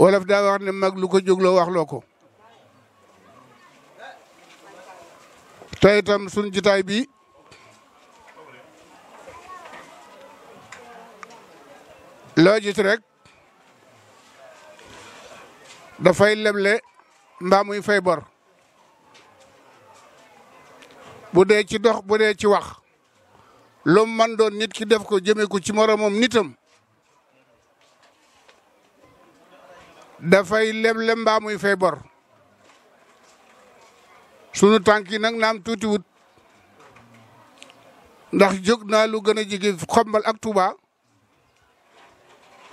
wolof daa wax ne mag lu ko jógloo wax loo ko te itam sunu jitaay bi loo gis rek dafay leble mbaa muy fay bor bu dee ci dox bu dee ci wax lu man doon nit ki def ko jëme ko ci moom nitam dafay leble mbaa muy fay bor sunu tànk yi nag naam tuuti wut ndax jóg naa lu gën a jege xombal ak Touba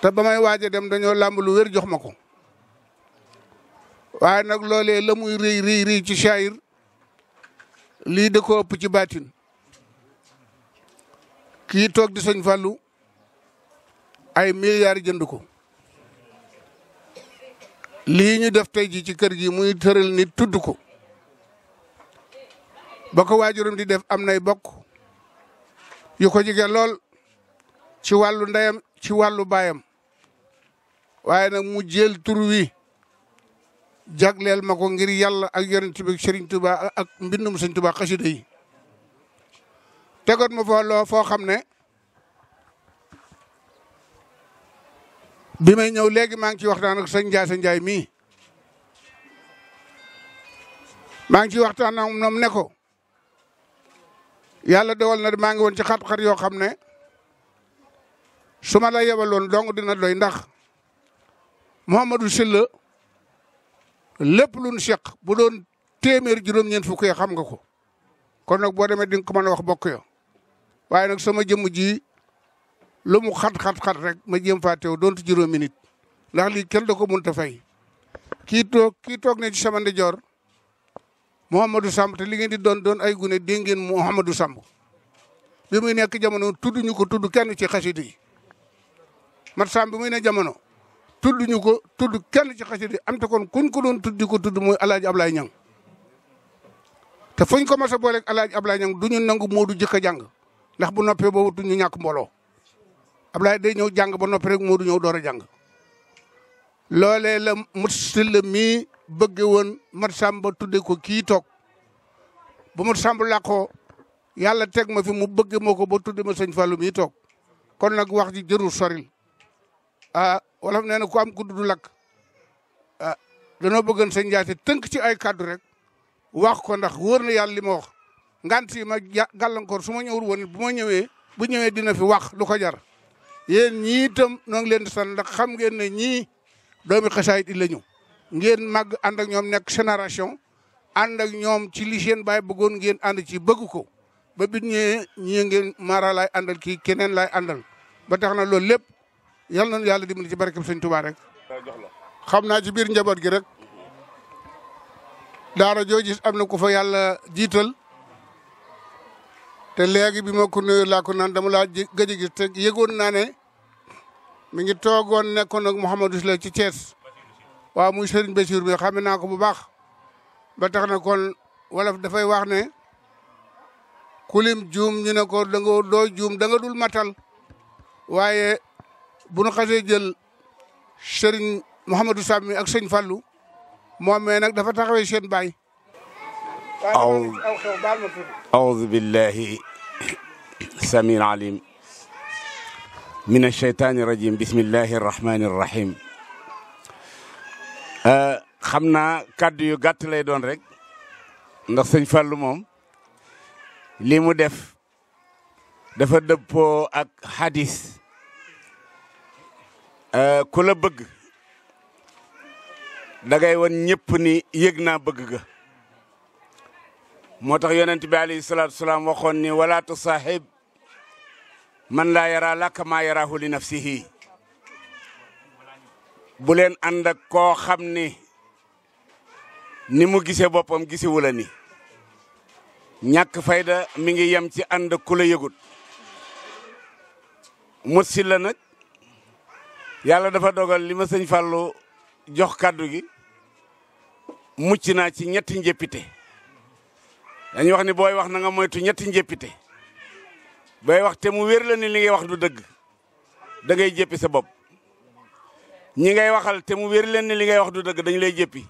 te ba may waaje dem dañoo làmb lu wér jox ma ko waaye nag loolee la muy rëy rëy ci saayir lii da ko ëpp ci baatin kii toog di sëñ Fallou ay milliards jënd ko lii ñu def tey ji ci kër ji muy tëral ni tudd ko ba ko di def am nay bokk yu ko jige lool ci wàllu ndeyam ci wàllu baayam waaye nag mu jël tur wi jagleel ma ko ngir yàlla ak yonent bi Serigne Touba ak mbindum Serigne Touba xasida yi tegoon ma foo loo foo xam ne bi may ñëw léegi maa ngi ciy waxtaan ak sëñ Ndiaye sëñ Ndiaye mii maa ngi ciy waxtaan ak moom ne ko yàlla dewal na maa ngi woon ci xat-xat yoo xam ne su ma la yebaloon dong dina doy ndax Mouhamadou Sylla lépp lu nu bu doon téeméer juróom-ñeent fukk yi xam nga ko kon nag boo demee di nga ko mën a wax bokk yo waaye nag sama jëmm ji lu mu xat-xat-xat rek ma jéem faa doon doontu juróomi nit ndax lii kenn da ko mënut a fay kii toog kii toog ne ci sama ndijoor Mouhamadou Samb te li ngeen di doon doon ay gune dégg ngeen Mouhamadou Samb bi muy nekk jamono tudd ñu ko tudd kenn ci xasida yi mat Samb bi muy ne jamono tudd ñu ko tudd kenn ci xasida yi am te kon kuñ ko doon tudd ko tudd mooy El Hadj Ablaye Niang te fuñ ko mas boole booleeg El Hadj Ablaye du ñu nangu Modou jëkk a jàng ndax bu noppee boobu du ñu ñàkk mbooloo Ablaye day ñëw jàng ba noppi rek mu du ñëw door a jàng loole la Moussaoula mii bëgge woon Mat Samba tudde ko kii toog ba Mat Samba làqoo yàlla teg ma fi mu bëgge moo ko ba tudde ma sëñ Fallou mii toog kon nag wax ji jërul soril ah wolof nee na ku am ku du lakk a ah, danoo bëggoon sëñ Ndiaye tënk ci ay kàddu rek wax ko ndax wóor na yàlla li ma wax ngant yi ma gàllankoor su ma ñëwul woon bu ma ñëwee bu ñëwee dina fi wax lu ko jar. yéen ñii itam ñoo ngi leen di sant ndax xam ngeen ne ñii doomi xasaayit la ñu ngeen màgg ànd ak ñoom nekk génération ànd ñoom ci li seen baay bëggoon ngeen ànd ci bëggu ko ba bit ñee ñii ngeen maara laay àndal kii keneen laay àndal ba tex na loolu lépp yal nañu yàlla dimbali ci barkeb sëñ Tuubaa rek. xam naa ci biir njaboot gi rek daara joo am na ko fa yàlla jiital te léegi bi ma ko laa ko naan dama laa gëj a gis te yëgoon naa ne mi ngi toogoon nekkoon ak Mouhamadou Sylla ci Thiès waaw muy Serigne Bassirou bi xam naa ko bu baax ba tax na kon wolof dafay wax ne kulim juum ñu ne ko da nga doo juum da nga dul matal waaye bu nu xasee jël Serigne Mouhamadou Sammi ak sëñ Fallou moom mee nag dafa taxawee seen baay. aw aw xew baal ma tudd. aoudu billahi samil alim. من الشيطان الرجيم بسم الله الرحمن الرحيم xam naa kàddu yu gàtt lay doon rek ndax sëñ Fallou moom lii mu def dafa dëppoo ak hadis euh, ku la bëgg dangay won ñëpp ni yëg naa bëgg ga moo tax yonent bi alayhi salaatu salaam waxoon ni wala tusahib man laa yara laka maa yaraahu si nafsihi bu leen ànd ak koo xam ni ni mu gisee boppam gisewu la ni ñàkk fayda mi ngi yem ci ànd ku la yëgut mot si la nag yàlla dafa dogal li ma sëñ Fallou jox kàddu gi mucc naa ci ñetti njëppite dañu wax ni booy wax nanga moytu ñetti njëppite bay wax te mu wér la ni li ngay wax du dëgg da ngay jéppi sa bopp ñi ngay waxal te mu wér leen ni li ngay wax du dëgg dañu lay jéppi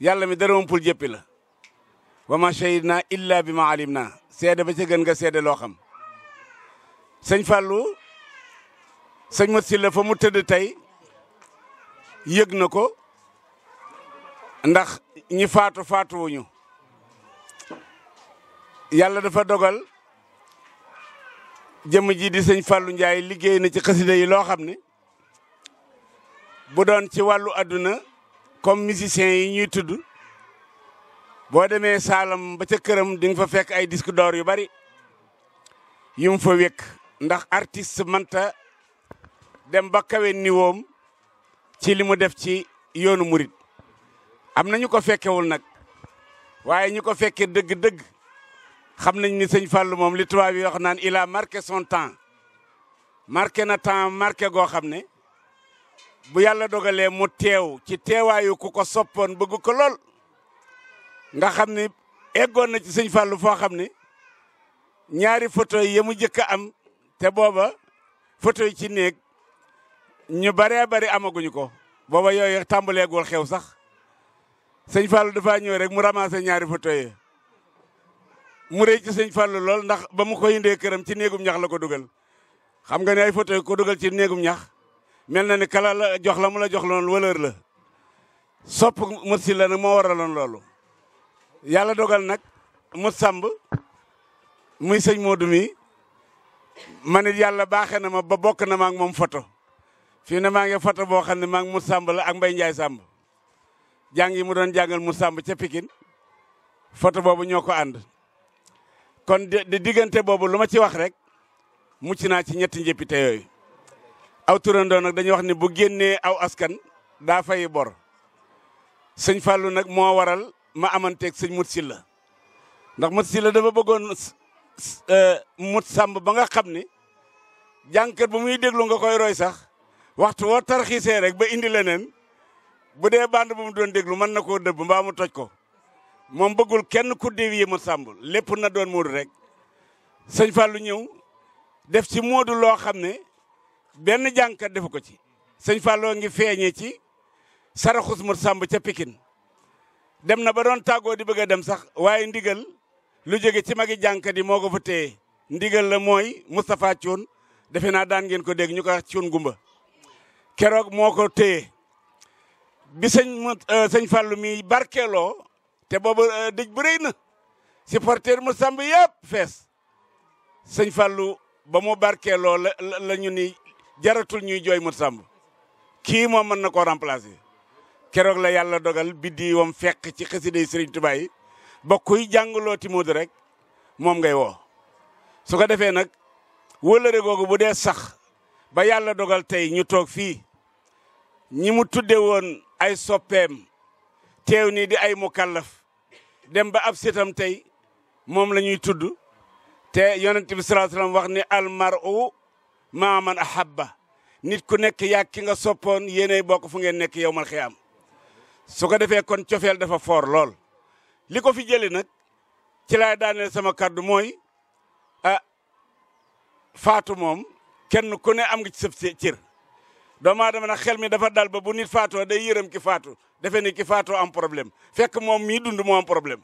yàlla mi dara umpul jéppi la wa ma naa illa bi ma alim naa seede ba ca gën nga seede loo xam sëñ Fallou sëñ Mat Silla fa mu tëdd tey yëg na ko ndax ñi faatu faatuwuñu yàlla dafa dogal jëmm ji di sëñ Fallou Ndiaye liggéey na ci xasida yi loo xam ne bu doon ci wàllu àdduna comme musiciens yi ñuy tudd boo demee Saalam ba ca këram di nga fa fekk ay disque d'or yu bari yum fa wékk ndax artiste mënta dem ba kawe niwoom ci li mu def ci yoonu murit am na ñu ko fekkewul nag waaye ñu ko fekkee dëgg-dëgg xam nañ ni sëñ Fallou moom li tubaab yi wax naan il a marqué son temps marqué na temps marqué goo xam ne bu yàlla dogalee mu teew ci teewaayu ku ko soppoon bëgg ko lool nga xam ne eggoon na ci sëñ Fallou foo xam ne ñaari photo yi mu jëkk a am te booba foto yi ci néeg ñu baree bari amaguñu ko booba yooyu tàmbaleegul xew sax sëñ Fallou dafa ñëw rek mu ramassé ñaari photo yi mu rëy ci sëñ Fallou lool ndax ba mu ko indee këram ci néegum ñax la ko dugal xam nga ne ay photo ko dugal ci néegum ñax mel na ni kala la jox la mu la jox loon wëlër la sopp mët si la nag moo waraloon loolu yàlla dogal nag mu sàmb muy sëñ Modou mi man it yàlla baaxe na ma ba bokk na ma ak moom photo fii ne maa ngi photo boo xam ne maa ngi mu sàmb la ak Mbaye Ndiaye Samb jàng yi mu doon jàngal mu sàmb ca Pikine photo boobu ñoo ko ànd kon di diggante boobu lu ma ci wax rek mucc naa ci ñetti njëppite yooyu aw turandoo nag dañuy wax ni bu génnee aw askan daa fay bor sëñ fàllu nag moo waral ma amanteeg sëñ Mut Silla ndax Mut Silla dafa bëggoon e, mut sàmb ba nga xam ni jànkat bu muy déglu nga koy roy sax waxtu woo tarxiisee rek ba indi leneen bu dee band bu mu doon déglu mën na koo dëbb mbaa mu toj ko moom bëggul kenn ku dévier ma sàmb lépp na doon Modou rek sëñ Fallou ñëw def ci Modou loo xam ne benn jànkat defu ko ci. sëñ Fallou ngi feeñee ci saraxus ma sàmb ca pikin dem na ba doon tàggoo di bëgg a dem sax waaye ndigal lu jóge ci magi jànkat yi moo ko fa ndigal la mooy Moustapha Thioune defe naa daan ngeen ko dégg ñu ko wax Gumba keroog moo ko téye bi sëñ euh, sëñ Fallou mi barkeeloo. te boobu euh, dëj bu na supporter mu samb yëpp fees sëñ Fallou ba mu barkeeloo la la ñu ni jaratul ñuy jooy mu samb kii moom mën na ko remplacer keroog la yàlla dogal biddi wam fekk ci xasiday Sëriñ Tuubaa yi ba kuy jàngaloo Timóodu rek moom ngay wo su ko defee nag wëlëre googu bu dee sax ba yàlla dogal tey ñu toog fii ñi mu tudde woon ay soppeem teew nii di ay mukallaf dem ba ab setam tey moom la ñuy tudd te yonent bi salaa salaam wax ni almaru maa man ahabba nit ku nekk yaa ki nga soppoon yéenay bokk fu ngeen nekk yowmal am su ko defee kon cofeel defa foor lool li ko fi jëlee nag ci laay daaneel sama kàddu mooy ah faatu moom kenn ku ne am nga ci sëb cër doomu aadama na xel mi dafa dal ba bu nit faatoo day yërëm ki faatu defe ni ki faatoo am problème fekk moom mii dund moo am problème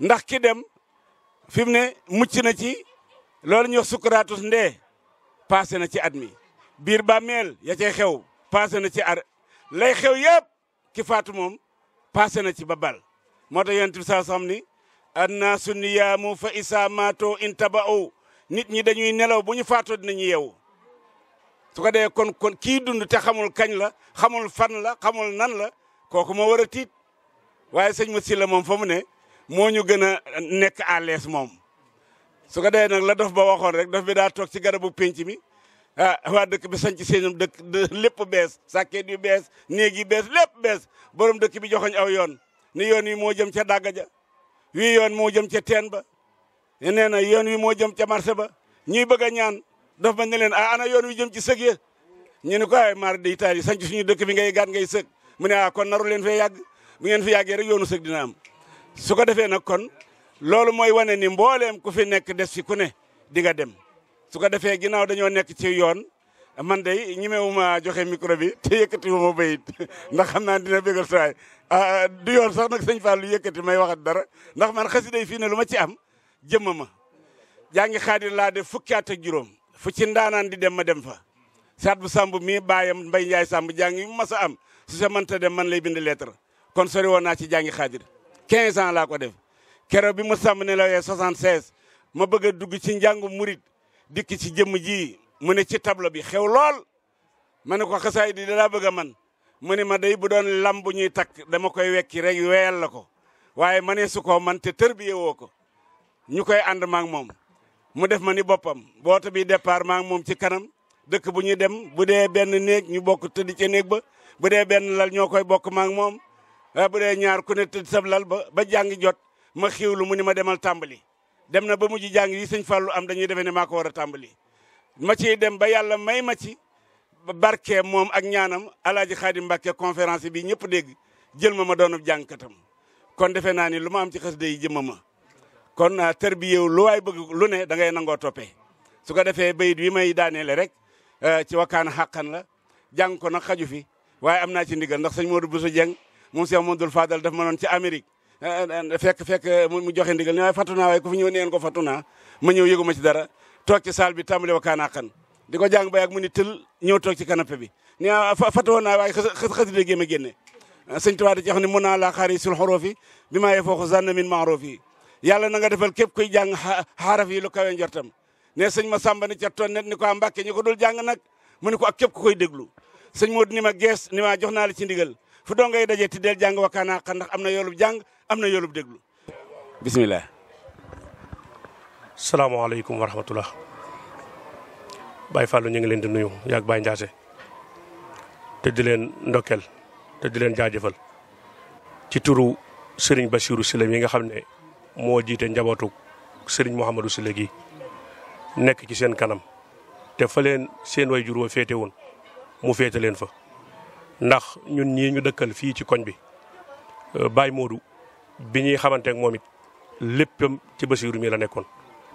ndax ki dem fi mu ne mucc na ci loolu ñuy wax sukkuraatus ndee passé na ci at mi biir bàmmeel ya ca xew passé na ci ar lay xew yëpp ki faatu moom passé na ci ba bal moo tax yonent bi saa xam ni annaasu niyaamu fa isaa maatoo intaba'u nit ñi dañuy nelaw bu ñu faatoo dinañu yeewu su ko dee kon kon kii dund te xamul kañ la xamul fan la xamul nan la kooku moo war a tiit waaye sëñ ma si la moom fa mu ne moo ñu gën a nekk à l'aise moom su dee nag la dof ba waxoon rek dof bi daa toog ci garabu pénc mi ah waa dëkk bi sanc seenum dëkk lépp bees sàkket yu bees néeg yi bees lépp bees borom dëkk bi joxoñ aw yoon ni yoon wi moo jëm ca dàgga ja wii yoon moo jëm ca teen ba nee na yoon wi moo jëm ca marché ba ñuy bëgg a ñaan dof ba ne leen ah ana yoon wi jëm ci sëg ya ñu ne ko ay ah, mar de Italie sanc suñu dëkk bi ngay gaat ngay sëg mu ne ah kon naru leen fee yàgg bu ngeen fi yàggee rek yoonu sëg dina am su ko defee nag kon loolu mooy wane ni mbooleem ku fi nekk des fi ku ne di nga dem su ko defee ginnaaw dañoo nekk ci yoon man day ñemewuma joxe micro bi te yëkkatiwuma bayit ndax xam naa dina bégal saay ah yoon sax nag sëñ Fallou yëkkati may waxat dara ndax man xasida yi fii ne lu ma ci am jëmma ma jaa ngi xaadir laa def fukki at ak juróom fu ci ndaanaan di dem ma dem fa saat bu sàmb mii baayam mbay njaay sàmb jàng yi mu mas a am su sa mënta dem man lay bind lettre kon sori woon naa ci jàngi xaadir 15 ans laa ko def keroog bi ma sàmb ne la yee 76 ma bëgg a dugg ci njàngu murit dikk ci jëmm ji mu ne ci tableau bi xew lool ma ne ko xasaay di dalaa bëgg a man mu ne ma day bu doon lam bu ñuy takk dama koy wekki rek weyal la ko waaye ma ne su ko man te tërbiye woo ko ñu koy ànd maak moom mu def ma ni boppam boot bi départ maa moom ci kanam dëkk bu ñuy dem bu dee benn néeg ñu bokk tëdd ca néeg ba bu dee benn lal ñoo koy bokk maa ngi moom eh, bu dee ñaar ku ne tëdd sab lal ba ba jàng jot ma lu mu ni ma demal tàmbali dem na ba mujj jàng yi sëñ Fallou am dañuy defee ne maako war a tàmbali ma ciy dem ba yàlla may ma ci barke moom ak ñaanam alaaji Xaadim Mbàkke conférence bi ñëpp dégg jël ma ma doonub jàngkatam kon defe naa ni lu ma am ci xasida yi jëmma ma kon ah, terbiyew lu waay bëgg lu ne da ngay nangoo toppee su ko defee bayit wi may daaneele rek ah, ci wakkaan xàqan la jàng ko nag xaju fi waaye am naa ci ndigal ndax sëñ Modou Bousso Dieng moom Cheikh Modou Fadal daf ma noon ci Amérique ah, fekk fekk mu joxe ndigal ne waaye fàttu naa waaye ku fi ñëw neen ko fàttu naa ma ñëw yëgu ma ci dara toog ci salle bi tàmbali wakkaan xàqan di ko jàng ba yàgg mu ni tël ñëw toog ci canapé bi ni fàttu woon naa waaye xasida géem a génne sëñ Tuubaa da ci wax ne mun naa laa xaari sul xoroofi bi maa yee fooxu zanna min yàlla na nga defal képp kuy jàng xaraf yi lu kawe njortam ne sëñ ma sàmba ni ca toon ni ko am ah, mbàkke ñu ko dul jàng nag mu ni ko ak képp koy déglu sëñ Modou ni ma gees ni ma jox naa ci ndigal fu doo ngay dajee ti del jàng wakaanaa xan ndax am na yoolub jàng am na yoolub déglu bisimilah salaamaaleykum wa rahmatullah Baye Fallou ñu ngi leen di nuyu yaag Baye Ndiassé te di leen ndokkel te di leen jaajëfal ci turu Serigne Bassirou Sylla yi nga xam ne moo jiite njabootu sëriñ Mouhamadou Sylla gi nekk ci seen kanam te fa leen seen way jur wa féete woon mu féete leen fa ndax ñun ñii ñu dëkkal fii ci koñ bi euh, Baye Modou bi ñuy xamante ak moom it léppam ci Basiiru mi la nekkoon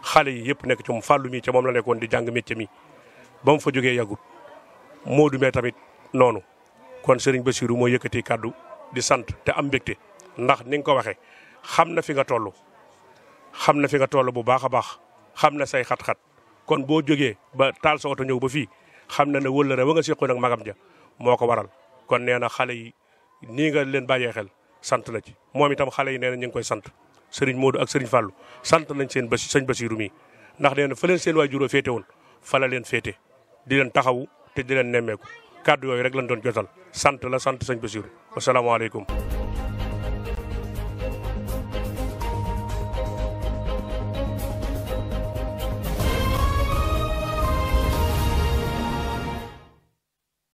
xale yi yëpp nekk ci mu fàllu mi ca moom la nekkoon di jàng métier mi ba fa jógee yàggut Modou mee tamit noonu kon sëriñ Basiiru moo yëkkatee kàddu di sant te am mbégte ndax ni nga ko waxee xam na fi nga toll xam na fi nga toll bu baax a baax xam na say xat-xat kon boo jógee ba taal soo oto ñëw ba fii xam na ne wëllëre wa nga seqoon ak magam ja moo ko waral kon nee na xale yi nii nga leen bàyyee xel sant la ci moom itam xale yi nee na ñu ngi koy sant sëriñ Modou ak sëriñ Fallou sant nañ seen basi sëñ Basiiru mii ndax nee na fa leen seen waajur féete woon fala leen féete di leen taxawu te di leen nemmeeku kàddu yooyu rek lañ doon jotal sant la sant sañ basi wasalaamaaleykum